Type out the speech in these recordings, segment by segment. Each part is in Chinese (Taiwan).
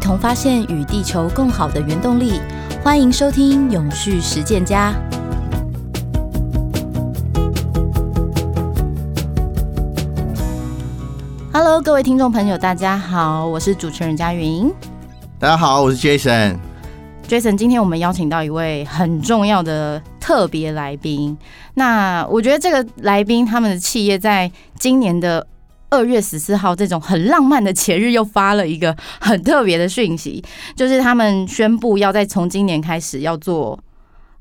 同發現與地球共好的原動力，歡迎收聽永續實踐家。Hello，各位聽眾朋友，大家好，我是主持人珈紜。大家好，我是 Jason。Jason，今天我們邀請到一位很重要的特別來賓。那我覺得這個來賓他們的企業在今年的。二月十四號這種很浪漫的節日，又發了一個很特別的訊息，就是他們宣布要在從今年開始要做。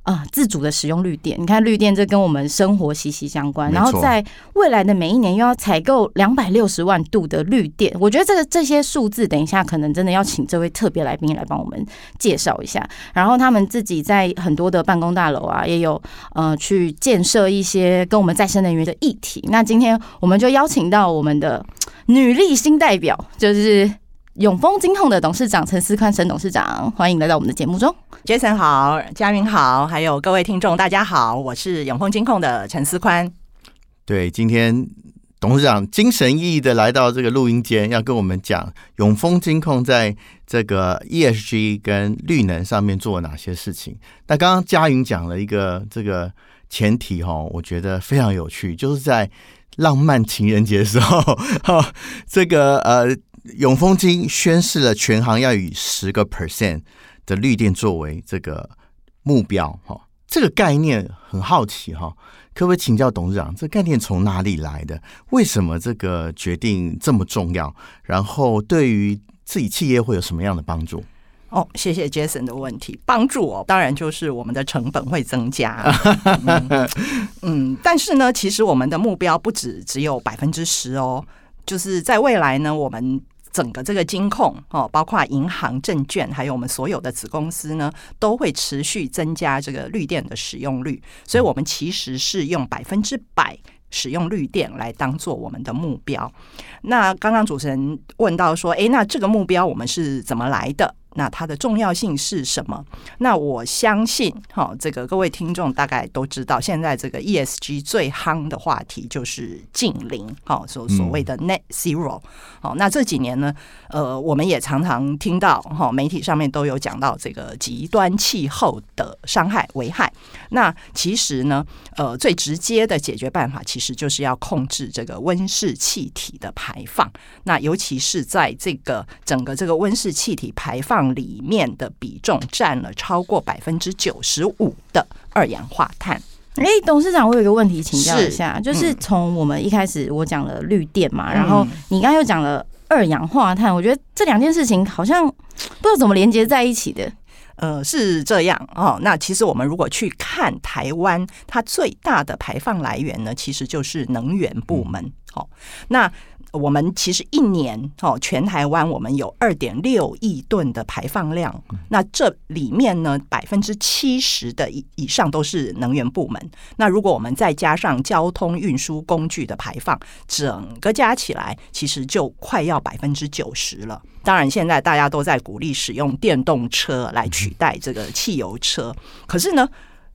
啊，自主的使用綠電，你看綠電，這跟我們生活息息相關。然後在未來的每一年，又要採購兩百六十萬度的綠電。我覺得這個這些數字，等一下可能真的要請這位特別來賓來幫我們介紹一下。然後他們自己在很多的辦公大樓啊，也有呃去建設一些跟我們再生能源的議題。那今天我們就邀請到我們的女力新代表，就是。永豐金控的董事長陳思寬，陳董事長，歡迎來到我們的節目中。Jason 好，珈紜好，還有各位聽眾大家好，我是永豐金控的陳思寬。對，今天董事長精神奕奕的來到這個錄音間，要跟我們講永豐金控在這個 ESG 跟綠能上面做了哪些事情。那剛剛珈紜講了一個這個前提哈，我覺得非常有趣，就是在浪漫情人節的時候，呵呵這個呃。永豐金宣示了全行要以十個 percent 的綠電作為這個目標，哦，哈，這個概念很好奇，哦，哈，可不可以請教董事長，這概念從哪裡來的？為什麼這個決定這麼重要？然後對於自己企業會有什麼樣的幫助？哦，謝謝 Jason 的問題。幫助哦，當然就是我們的成本會增加， 嗯，嗯，但是呢，其實我們的目標不止只有百分之十哦，就是在未來呢，我們。整個這個金控哦，包括銀行、證券，還有我們所有的子公司呢，都會持續增加這個綠電的使用率。所以我們其實是用百分之百使用綠電來當做我們的目標。那剛剛主持人問到說，誒，那這個目標我們是怎麼來的？那它的重要性是什麼？那我相信哈，這個各位聽眾大概都知道，現在這個 ESG 最夯的話題就是淨零好，所所謂的 Net Zero。好、嗯，那這幾年呢，呃，我們也常常聽到哈，媒體上面都有講到這個極端氣候的傷害危害。那其實呢，呃，最直接的解決辦法，其實就是要控制這個溫室氣體的排放。那尤其是在這個整個這個溫室氣體排放裡面的比重佔了超過百分之九十五的二氧化碳。誒，董事長，我有一個問題請教一下、嗯，就是從我們一開始我講了綠電嘛、嗯，然後你剛剛又講了二氧化碳，我覺得這兩件事情好像不知道怎麼連接在一起的。呃，是這樣哦。那其實我們如果去看台灣，它最大的排放來源呢，其實就是能源部門。好、嗯哦，那。我們其實一年哦，全台灣我們有二點六億噸的排放量。那這裡面呢，百分之七十的以以上都是能源部門。那如果我們再加上交通運輸工具的排放，整個加起來，其實就快要百分之九十了。當然，現在大家都在鼓勵使用電動車來取代這個汽油車，可是呢，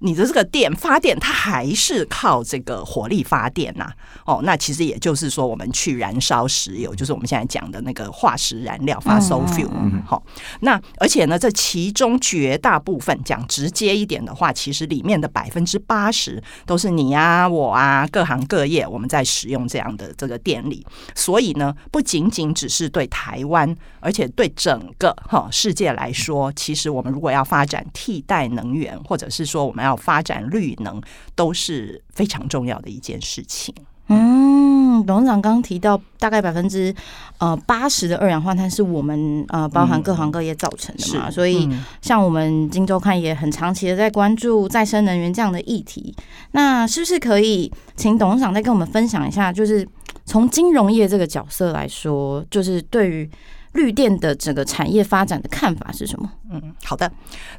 你的這個電發電，它還是靠這個火力發電吶、啊。哦，那其實也就是說，我們去燃燒石油，就是我們現在講的那個化石燃料發 o s fuel）、mm。好 -hmm. 哦，那而且呢，這其中絕大部分，講直接一點的話，其實裡面的百分之八十都是你啊、我啊，各行各業我們在使用這樣的這個電力。所以呢，不僅僅只是對台灣，而且對整個哈、哦、世界來說，其實我們如果要發展替代能源，或者是說我們要發展綠能都是非常重要的一件事情、嗯。嗯，董事長剛剛提到，大概百分之呃八十的二氧化碳是我們呃包含各行各業造成的嘛，嗯嗯、所以像我們今周刊也很長期的在關注再生能源這樣的議題。那是不是可以請董事長再跟我們分享一下？就是從金融業這個角色來說，就是對於。綠電的整個產業發展的看法是什麼？嗯，好的。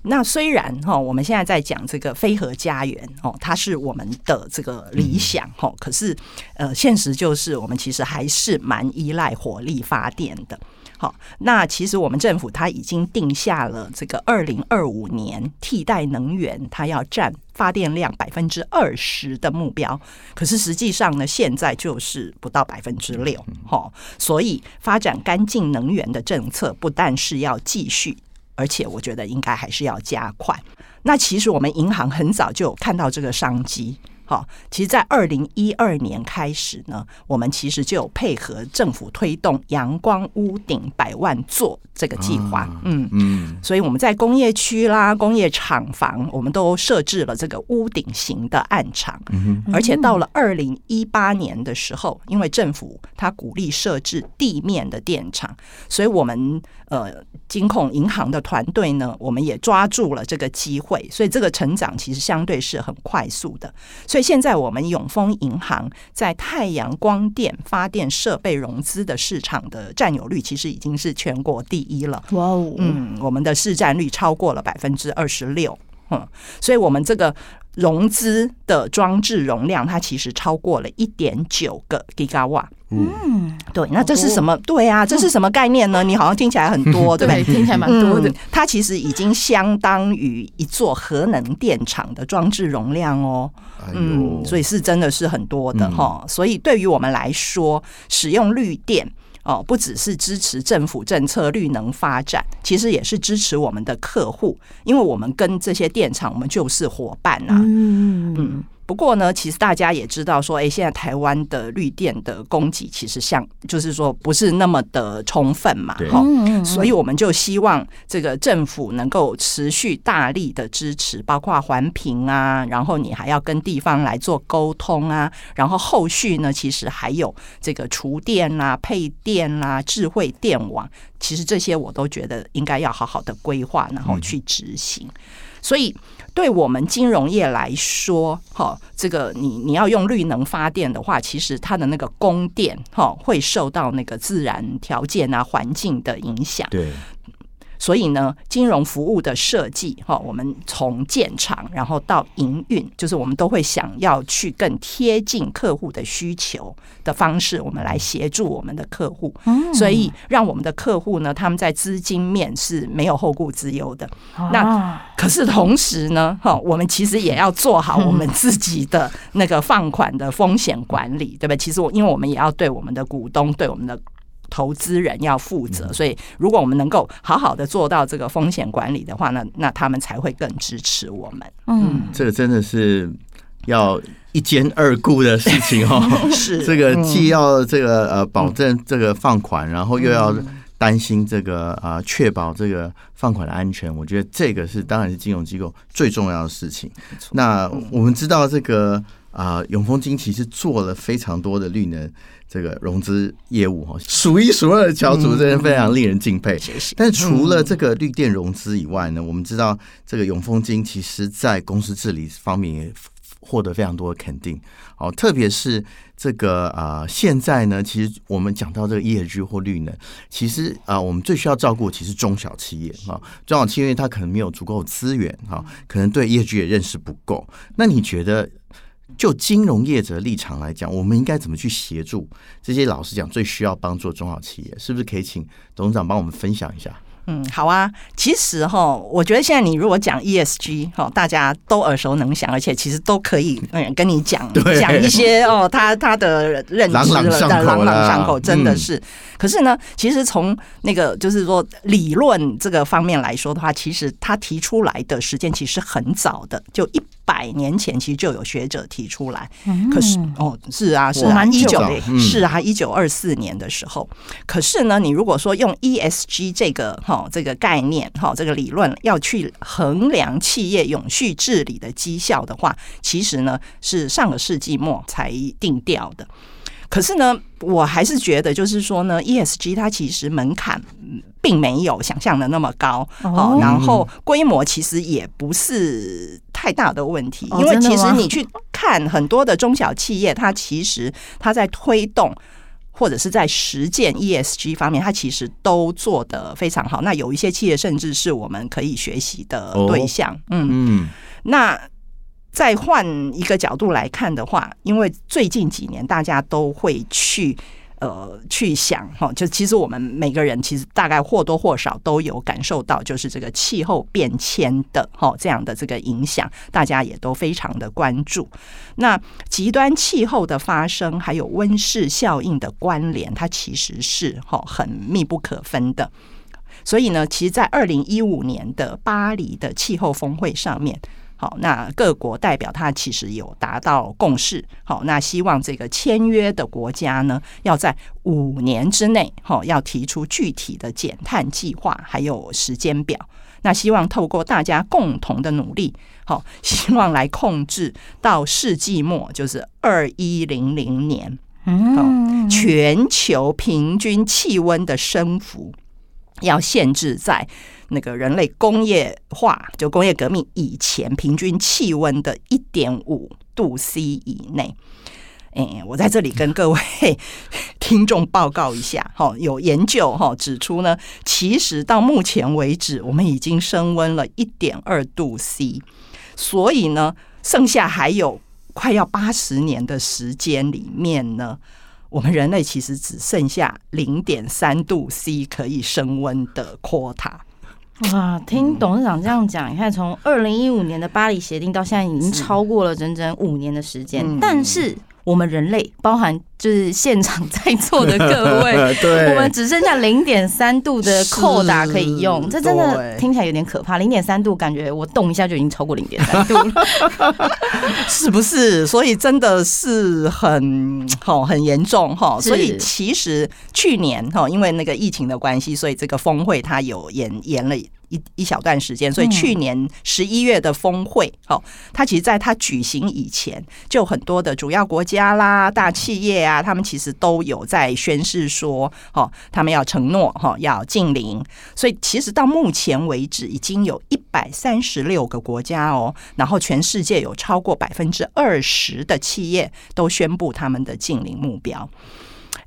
那雖然哈，我們現在在講這個非核家園哦，它是我們的這個理想哈，嗯，可是呃，現實就是我們其實還是蠻依賴火力發電的。好、喔，那其實我們政府它已經定下了這個二零二五年替代能源，它要佔發電量百分之二十的目標。可是，實際上呢，現在就是不到百分之六。好，所以發展乾淨能源的政策不但是要繼續，而且我覺得應該還是要加快。那其實我們銀行很早就看到這個商機。好，其實，在二零一二年開始呢，我們其實就有配合政府推動陽光屋頂百萬座這個計劃。啊、嗯嗯，所以我們在工業區啦、工業廠房，我們都設置了這個屋頂型的案場、嗯。而且到了二零一八年的時候，因為政府他鼓勵設置地面的電廠，所以我們呃，金控銀行的團隊呢，我們也抓住了這個機會，所以這個成長其實相對是很快速的。所以。現在我們永豐銀行在太陽光電發電設備融資的市場的占有率，其實已經是全國第一了。哇哦，嗯，我們的市占率超過了百分之二十六。嗯，所以我們這個。融資的裝置容量，它其實超過了一點九個吉瓦。嗯，對，那這是什麼？對啊，這是什麼概念呢？嗯、你好像聽起來很多，對不對？聽起來蠻多的、嗯。它其實已經相當於一座核能電廠的裝置容量哦、哎呦。嗯，所以是真的是很多的哈、嗯。所以對於我們來說，使用綠電。哦，不只是支持政府政策綠能發展，其實也是支持我們的客戶，因為我們跟這些電廠，我們就是夥伴吶、啊。嗯。嗯不過呢，其實大家也知道說，哎，現在台灣的綠電的供給其實像，就是說不是那麼的充分嘛，哦，所以我們就希望這個政府能夠持續大力的支持，包括環評啊，然後你還要跟地方來做溝通啊，然後後續呢，其實還有這個儲電啊、配電啊、智慧電網，其實這些我都覺得應該要好好的規劃，然後去執行。所以。對我們金融業來說，哈，這個你你要用綠能發電的話，其實它的那個供電，哈，會受到那個自然條件啊、環境的影響。對。所以呢，金融服務的設計哈，我們從建廠然後到營運，就是我們都會想要去更貼近客戶的需求的方式，我們來協助我們的客戶、嗯。所以讓我們的客戶呢，他們在資金面是沒有後顧之憂的。啊、那可是同時呢，哈、哦，我們其實也要做好我們自己的那個放款的風險管理、嗯，對吧？其實我，因為我們也要對我們的股東，對我們的。投資人要負責，所以如果我們能夠好好的做到這個風險管理的話，那那他們才會更支持我們。嗯，嗯，這個真的是要一兼二顧的事情哦。 是，這個既要這個呃保證這個放款，然後又要擔心這個啊確保這個放款的安全。我覺得這個是當然是金融機構最重要的事情。那我們知道這個。啊、呃，永豐金其實做了非常多的綠能這個融資業務哈，數 一數二的小組，真的非常令人敬佩。 但除了這個綠電融資以外呢，我們知道這個永豐金其實在公司治理方面也獲得非常多的肯定。哦、特別是這個啊、呃，現在呢，其實我們講到這個 ESG 或綠能，其實啊、呃，我們最需要照顧的其實中小企業，中小企業它可能沒有足夠的資源、哦、可能對 ESG 也認識不夠。那你覺得？就金融業者的立場來講，我們應該怎麼去協助這些老實講最需要幫助中小企業？是不是可以請董事長幫我們分享一下？嗯，好啊。其實哈，我覺得現在你如果講 ESG 哈，大家都耳熟能詳，而且其實都可以、嗯、跟你講講一些哦、喔，他他的認識了，朗朗上口，朗朗上口真的是、嗯。可是呢，其實從那個就是說理論這個方面來說的話，其實他提出來的時間其實很早的，就一。百年前其實就有學者提出來，可是、嗯、哦是啊是啊，一九是啊一九二四年的時候，可是呢，你如果說用 ESG 這個哈、哦、這個概念哈、哦、這個理論要去衡量企業永續治理的績效的話，其實呢是上個世紀末才定調的。可是呢，我還是覺得，就是說呢，ESG 它其實門檻並沒有想象的那麼高，好、oh, 呃，然後規模其實也不是太大的問題，oh, 因為其實你去看很多的中小企業，它其實它在推動或者是在實踐 ESG 方面，它其實都做得非常好。那有一些企業甚至是我們可以學習的對象，oh, 嗯嗯，嗯，那。再換一個角度來看的話，因為最近幾年大家都會去呃去想哈、哦，就其實我們每個人其實大概或多或少都有感受到，就是這個氣候變遷的哈、哦、這樣的這個影響，大家也都非常的關注。那極端氣候的發生還有溫室效應的關聯，它其實是哈、哦、很密不可分的。所以呢，其實在二零一五年的巴黎的氣候峰會上面。好，那各國代表他其實有達到共識。好，那希望這個簽約的國家呢，要在五年之內，好，要提出具體的減碳計劃，還有時間表。那希望透過大家共同的努力，好，希望來控制到世紀末，就是二一零零年，嗯，全球平均氣溫的升幅要限制在。那個人類工業化，就工業革命以前平均氣溫的一點五度 C 以內。誒，我在這裡跟各位 聽眾報告一下，哈，有研究哈指出呢，其實到目前為止，我們已經升溫了一點二度 C，所以呢，剩下還有快要八十年的時間裡面呢，我們人類其實只剩下零點三度 C 可以升溫的 quota 哇，聽董事長這樣講，你看從二零一五年的巴黎協定到現在，已經超過了整整五年的時間，嗯、但是。我們人類，包含就是現場在座的各位， 我們只剩下零點三度的扣打可以用，這真的聽起來有點可怕。零點三度，感覺我動一下就已經超過零點三度了， 是不是？所以真的是很好，很嚴重哈。所以其實去年哈，因為那個疫情的關係，所以這個峰會它有延延了。一一小段時間，所以去年十一月的峰會，哦，它其實，在它舉行以前，就很多的主要國家啦、大企業啊，他們其實都有在宣誓說，哦，他們要承諾，哈、哦，要淨零。所以，其實到目前為止，已經有一百三十六個國家哦，然後全世界有超過百分之二十的企業都宣布他們的淨零目標。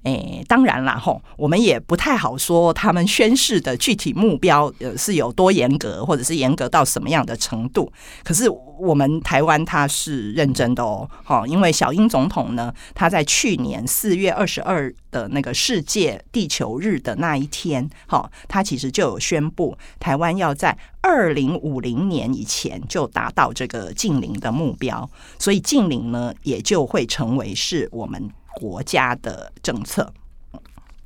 哎，當然啦，吼，我們也不太好說他們宣誓的具體目標呃是有多嚴格，或者是嚴格到什麼樣的程度。可是我們台灣它是認真的哦，好，因為小英總統呢，他在去年四月二十二的那個世界地球日的那一天，好，他其實就有宣布台灣要在二零五零年以前就達到這個淨零的目標，所以淨零呢也就會成為是我們。國家的政策。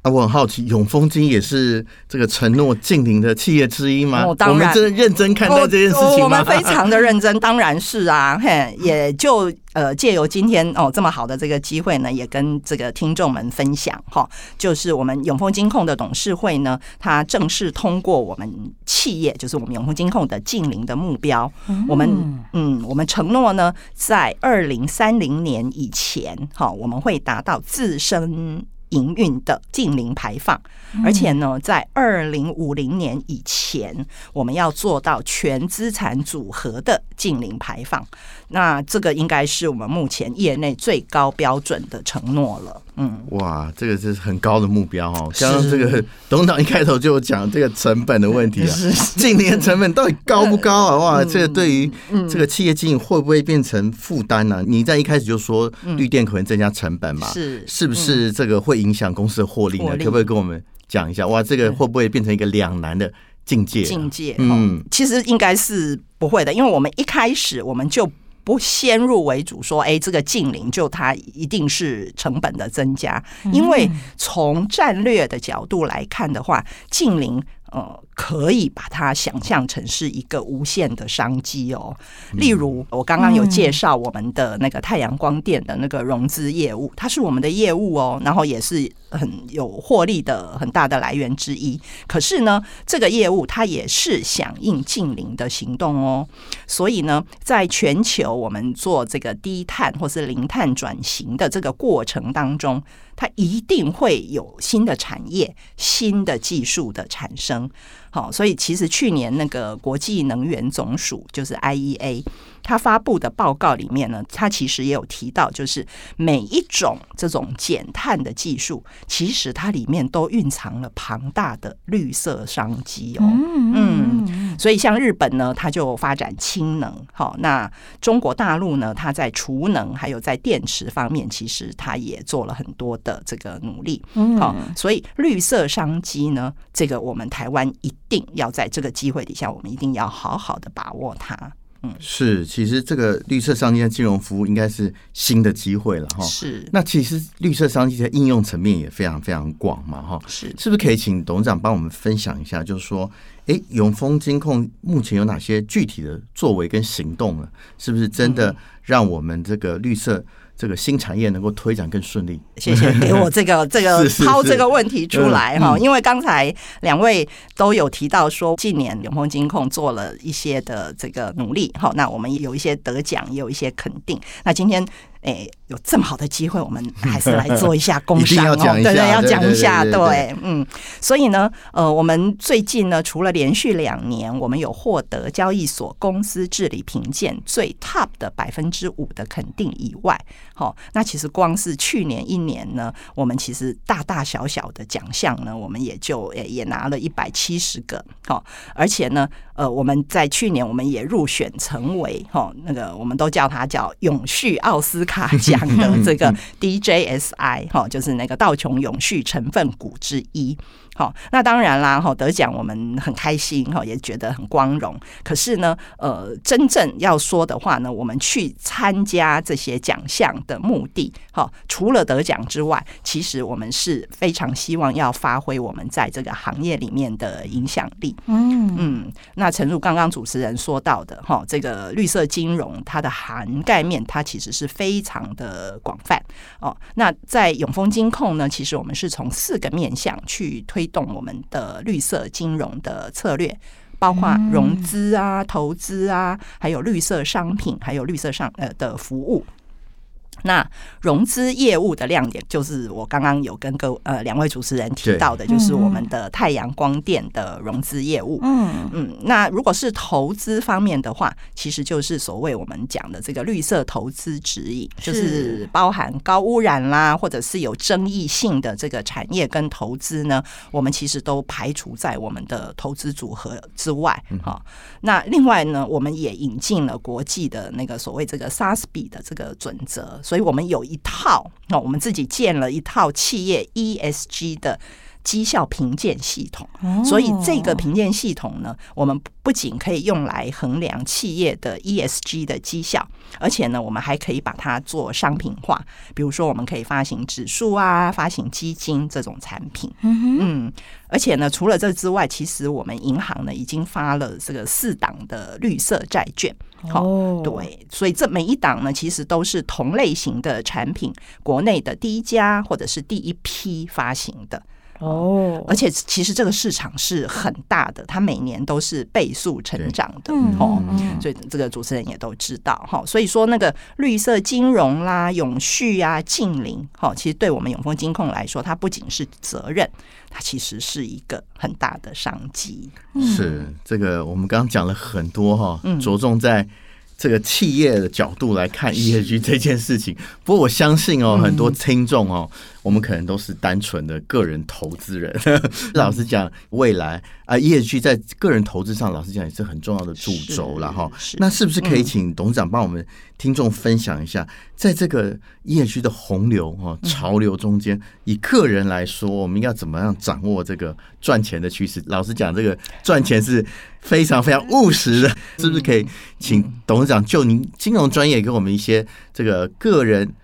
啊，我很好奇，永豐金也是這個承諾淨零的企業之一嗎？哦、當然我們真的認真看待這件事情嗎、哦哦？我們非常的認真， 當然是啊，嘿，也就呃，借由今天哦這麼好的這個機會呢，也跟這個聽眾們分享哈，就是我們永豐金控的董事會呢，它正式通過我們企業，就是我們永豐金控的淨零的目標，嗯、我們嗯，我們承諾呢，在二零三零年以前，哈，我們會達到自身。營運的淨零排放，而且呢，在二零五零年以前，我們要做到全資產組合的淨零排放。那這個應該是我們目前業內最高標準的承諾了。嗯，哇，這個是很高的目標哦。像剛剛這個董事長一開頭就講這個成本的問題啊，是，是，是今年成本到底高不高啊？哇，這個對於這個企業經營會不會變成負擔呢、啊嗯？你在一開始就說綠電可能增加成本嘛，是，是不是這個會影響公司的獲利呢獲利？可不可以跟我們講一下？哇，這個會不會變成一個兩難的境界、啊？境界，嗯，其實應該是不會的，因為我們一開始我們就。先入為主說，哎、欸，這個淨零就它一定是成本的增加，因為從戰略的角度來看的話，淨零呃可以把它想象成是一個無限的商機哦。例如，我剛剛有介紹我們的那個太陽光電的那個融資業務，它是我們的業務哦，然後也是。很有獲利的很大的來源之一，可是呢，這個業務它也是響應淨零的行動哦，所以呢，在全球我們做這個低碳或是零碳轉型的這個過程當中，它一定會有新的產業、新的技術的產生。好、哦，所以其實去年那個國際能源總署，就是 IEA，它發布的報告裡面呢，它其實也有提到，就是每一種這種減碳的技術，其實它裡面都蘊藏了龐大的綠色商機哦，嗯。嗯嗯所以，像日本呢，它就發展氫能，哈。那中國大陸呢，它在儲能還有在電池方面，其實它也做了很多的這個努力，哈、嗯。所以綠色商機呢，這個我們台灣一定要在這個機會底下，我們一定要好好的把握它。嗯，是，其實這個綠色商機的金融服務應該是新的機會了哈。是，那其實綠色商機在應用層面也非常非常廣嘛哈。是，是不是可以請董事長幫我們分享一下？就是說，哎、欸，永豐金控目前有哪些具體的作為跟行動呢？是不是真的讓我們這個綠色？這個新產業能夠推展更順利。謝謝，給我這個這個拋 這個問題出來哈、嗯，因為剛才兩位都有提到說，近年永豐金控做了一些的這個努力，好，那我們也有一些得獎，也有一些肯定。那今天。哎，有這麼好的機會，我們還是來做一下工商 下哦。對對，要講一下，對，對，對，對，對，對，對，對嗯。所以呢，呃，我們最近呢，除了連續兩年我們有獲得交易所公司治理評鑑最 top 的百分之五的肯定以外，哦，那其實光是去年一年呢，我們其實大大小小的獎項呢，我們也就也也拿了一百七十個，哦，而且呢，呃，我們在去年我們也入選成為，嗯，哦，那個我們都叫它叫永續奧斯卡 他講的這個 DJSI 哈，就是那個道瓊永續成分股之一。好，那當然啦，哈，得獎我們很開心，哈，也覺得很光榮。可是呢，呃，真正要說的話呢，我們去參加這些獎項的目的，除了得獎之外，其實我們是非常希望要發揮我們在這個行業裡面的影響力。嗯嗯，那誠如剛剛主持人說到的，哈，這個綠色金融它的涵蓋面，它其實是非非常的廣泛哦。那在永豐金控呢，其實我們是從四個面向去推動我們的綠色金融的策略，包括融資啊、投資啊，還有綠色商品，還有綠色商呃的服務。那融資業務的亮點就是我剛剛有跟各呃兩位主持人提到的，就是我們的太陽光電的融資業務。嗯嗯，那如果是投資方面的話，其實就是所謂我們講的這個綠色投資指引，就是包含高污染啦，或者是有爭議性的這個產業跟投資呢，我們其實都排除在我們的投資組合之外。好，那另外呢，我們也引進了國際的那個所謂這個 SASB 的這個準則。所以我們有一套，那、哦、我們自己建了一套企業 ESG 的。績效評鑑系統，oh. 所以這個評鑑系統呢，我們不僅可以用來衡量企業的 ESG 的績效，而且呢，我們還可以把它做商品化，比如說我們可以發行指數啊，發行基金這種產品。Mm-hmm. 嗯，而且呢，除了這之外，其實我們銀行呢已經發了這個四檔的綠色債券。Oh. 哦。對，所以這每一檔呢，其實都是同類型的產品，國內的第一家或者是第一批發行的。哦、oh.，而且其實這個市場是很大的，它每年都是倍速成長的、嗯，哦，所以這個主持人也都知道，哈、哦。所以說那個綠色金融啦、永續啊、淨零，哈、哦，其實對我們永豐金控來說，它不僅是責任，它其實是一個很大的商機。是這個，我們剛剛講了很多哈，着、哦嗯、重在。這個企業的角度來看，ESG 這件事情，不過我相信哦，很多聽眾哦、嗯，我們可能都是單純的個人投資人。 老實講，嗯、未來啊、呃、，ESG 在個人投資上，老實講也是很重要的主軸啦哈。那是不是可以請董事長幫我們？聽眾分享一下，在這個業區的洪流、哈潮流中間，以個人來說，我們應該要怎麼樣掌握這個賺錢的趨勢？老實講，這個賺錢是非常非常務實的，是不是？可以請董事長就您金融專業，給我們一些這個個人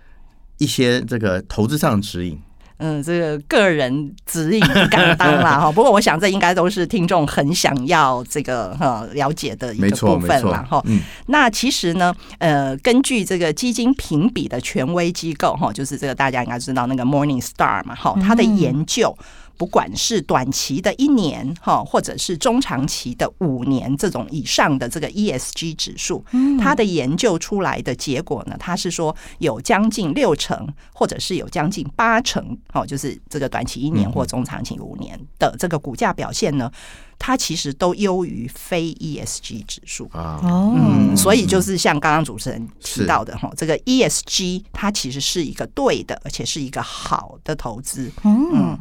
一些這個投資上的指引。嗯，這個個人指引敢當啦，哈。 不過，我想這應該都是聽眾很想要這個哈了解的一個部分了哈。沒錯，沒錯。那其實呢，呃，根據這個基金評比的權威機構哈，就是這個大家應該知道那個 Morning Star 嘛，哈，它的研究。嗯不管是短期的一年或者是中長期的五年這種以上的這個 ESG 指數，它的研究出來的結果呢，它是說有將近六成，或者是有將近八成，就是這個短期一年或中長期五年的這個股價表現呢，它其實都優於非 ESG 指數哦，嗯，所以就是像剛剛主持人提到的這個 ESG 它其實是一個對的，而且是一個好的投資。嗯。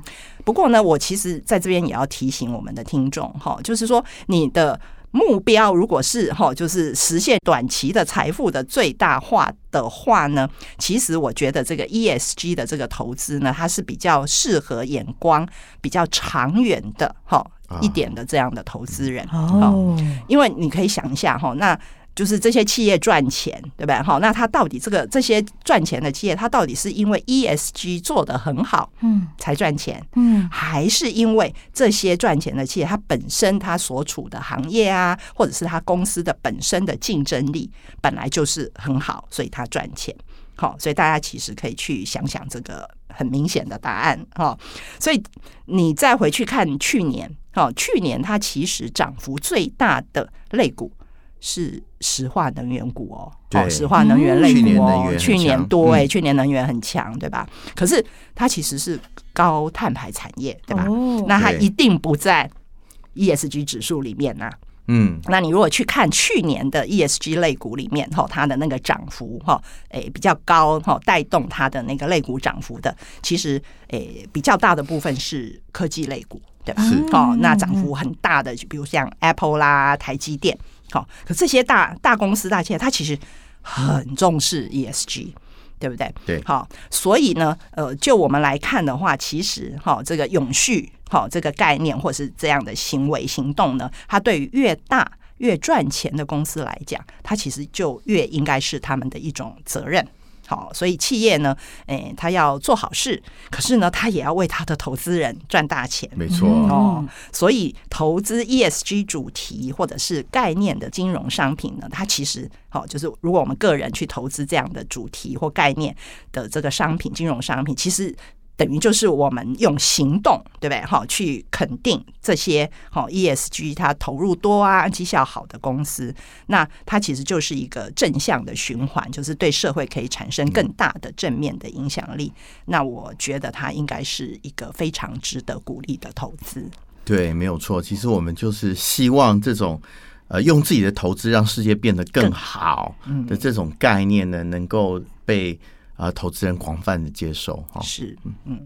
不過呢，我其實在這邊也要提醒我們的聽眾、哦、就是說你的目標如果是、哦、就是實現短期的財富的最大化的話呢，其實我覺得這個 ESG 的這個投資呢，它是比較適合眼光比較長遠的、哦啊、一點的這樣的投資人、哦哦、因為你可以想一下、哦、那。就是這些企業賺錢，對吧？好，那它到底這個這些賺錢的企業，它到底是因為 ESG 做得很好，嗯，才賺錢，嗯，還是因為這些賺錢的企業，它本身它所處的行業啊，或者是它公司的本身的競爭力本來就是很好，所以它賺錢，好，所以大家其實可以去想想這個很明顯的答案，哈，所以你再回去看去年，哈，去年它其實漲幅最大的類股。是石化能源股哦，哦，石化能源類股去年多哎，去年能源很強，欸嗯、很強對吧？可是它其實是高碳排產業，對吧、哦？那它一定不在 ESG 指數裡面吶、啊。嗯，那你如果去看去年的 ESG 類股裡面，哈，它的那個漲幅、呃，哈，比較高，哈，帶動它的那個類股漲幅的，其實、呃、比較大的部分是科技類股，對吧、嗯？哦，那漲幅很大的，就比如像 Apple 啦，台積電。好，可這些大大公司大企業，它其實很重視 ESG，對不對？對，好，所以呢，呃，就我們來看的話，其實哈，這個永續好，這個概念，或是這樣的行為行動呢，它對於越大越賺錢的公司來講，它其實就越應該是他們的一種責任。好，所以企業呢，誒、欸，他要做好事，可是呢，他也要為他的投資人賺大錢。沒錯、啊嗯、哦，所以投資 ESG 主題或者是概念的金融商品呢，它其實好、哦，就是如果我們個人去投資這樣的主題或概念的這個商品、金融商品，其實。等於就是我們用行動，對不對？好，去肯定這些好 ESG 它投入多啊，績效好的公司，那它其實就是一個正向的循環，就是對社會可以產生更大的正面的影響力。嗯，那我覺得它應該是一個非常值得鼓勵的投資。對，沒有錯。其實我們就是希望這種呃，用自己的投資讓世界變得更好的這種概念呢，能夠被。啊！投資人廣泛的接受哈，是嗯，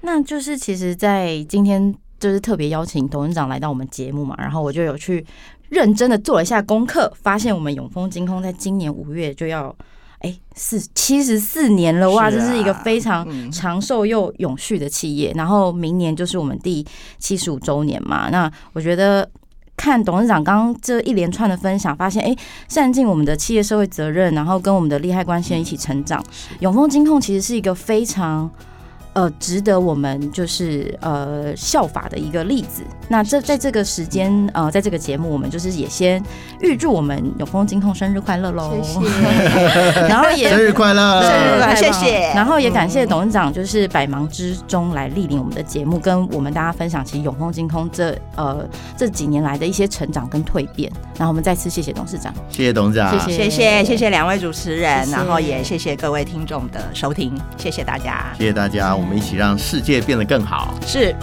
那就是其實，在今天就是特別邀請董事長來到我們節目嘛，然後我就有去認真的做了一下功課，發現我們永豐金控在今年五月就要哎四七十四年了哇，啊，這是一個非常長壽又永續的企業，嗯，然後明年就是我們第七十五週年嘛，那我覺得。看董事長剛剛，這一連串的分享，發現哎，善盡我們的企業社會責任，然後跟我們的利害關係人一起成長，永豐金控其實是一個非常。呃，值得我們就是呃效法的一個例子。那這在這個時間，嗯，呃，在這個節目，我們就是也先預祝我們永豐金控生日快樂嘍！謝謝。 然後也生日快樂，生日快樂，啊，謝謝。然後也感謝董事長，就是百忙之中來蒞臨我們的節目，跟我們大家分享其實永豐金控這呃這幾年來的一些成長跟蛻變。然後我們再次謝謝董事長，謝謝董事長，謝謝謝謝謝謝兩位主持人謝謝，然後也謝謝各位聽眾的收聽，謝謝大家，謝謝大家。我們一起讓世界變得更好。是。